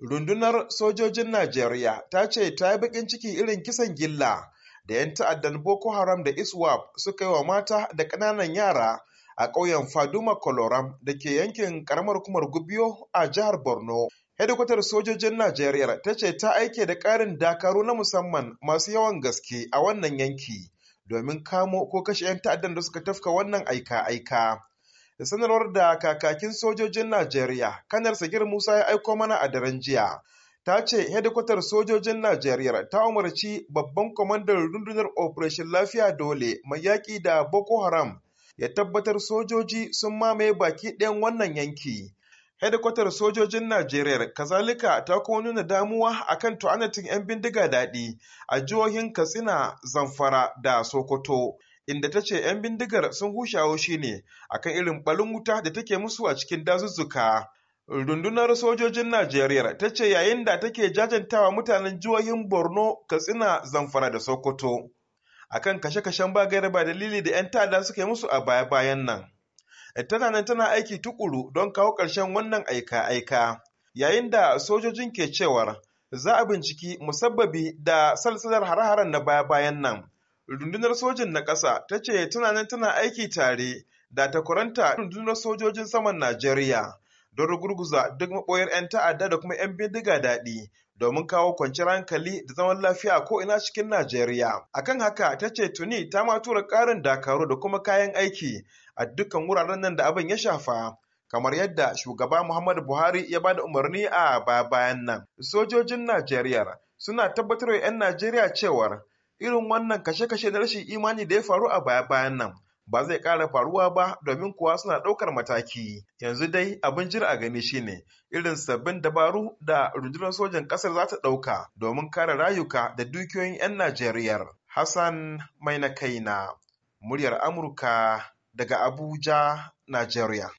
Rundunar sojojin Najeriya ta ce ta yi bakin ciki irin kisan gilla da 'yan ta'addan Boko Haram da ISWAP suka yi wa mata da ƙananan yara a ƙauyen Faduma Koloram da ke yankin ƙaramar kumar Gubiyo a jihar Borno. Hedikwatar sojojin Najeriya ta ce ta aike da ƙarin dakaru na musamman masu yawan gaske a wannan yanki domin kamo ko kashe 'yan ta'addan da suka tafka wannan aika-aika. da sanarwar da kakakin sojojin Najeriya, kanar Sagir Musa ya aiko mana a daren jiya. Ta ce hedikwatar sojojin Najeriya ta umarci babban kwamandan rundunar Operation Lafiya Dole mai yaƙi da Boko Haram ya tabbatar sojoji sun mamaye baki ɗayan wannan yanki. hedikwatar sojojin Najeriya kazalika ta kuma nuna damuwa a kan tu'anatin 'yan bindiga daɗi a jihohin Katsina, Zamfara da Sokoto. inda ta ce 'yan bindigar sun hushe haushi ne a kan irin balin wuta da take musu a cikin dazuzzuka. Rundunar sojojin Najeriya ta ce yayin da take jajantawa mutanen jihohin Borno, Katsina, Zamfara da Sokoto. Akan kashe-kashen bagayar ba dalili da 'yan ta'adda suka yi musu a baya-bayan nan. Eh, tana nan tana aiki tukuru don kawo ƙarshen wannan aika-aika. Yayin da sojojin ke cewar za a binciki musabbabi da salsalar hare-haren na baya-bayan nan. rundunar sojin na ƙasa ta ce tana nan tana aiki tare da takwaranta rundunar sojojin saman Najeriya don rugurguza duk maɓoyar 'yan ta'adda da kuma 'yan bindiga daɗi domin kawo kwanciyar hankali da zaman lafiya ko ina cikin Najeriya. Akan haka ta ce tuni ta ma tura ƙarin dakaru da kuma kayan aiki a dukkan wuraren nan da abin ya shafa. kamar yadda shugaba Muhammadu Buhari ya bada umarni a baya bayan nan. Sojojin Najeriya suna tabbatar wa 'yan Najeriya cewar Irin wannan kashe-kashe na rashin imani da ya faru a baya-bayan nan ba zai ƙara faruwa ba domin kuwa suna ɗaukar mataki. Yanzu dai abin jira a gani shine irin sabbin dabaru da rundunar sojan ƙasar za ta ɗauka domin kare rayuka da dukiyoyin 'yan Najeriya. Hassan Mai na kaina, muryar Amurka daga Abuja, Najeriya.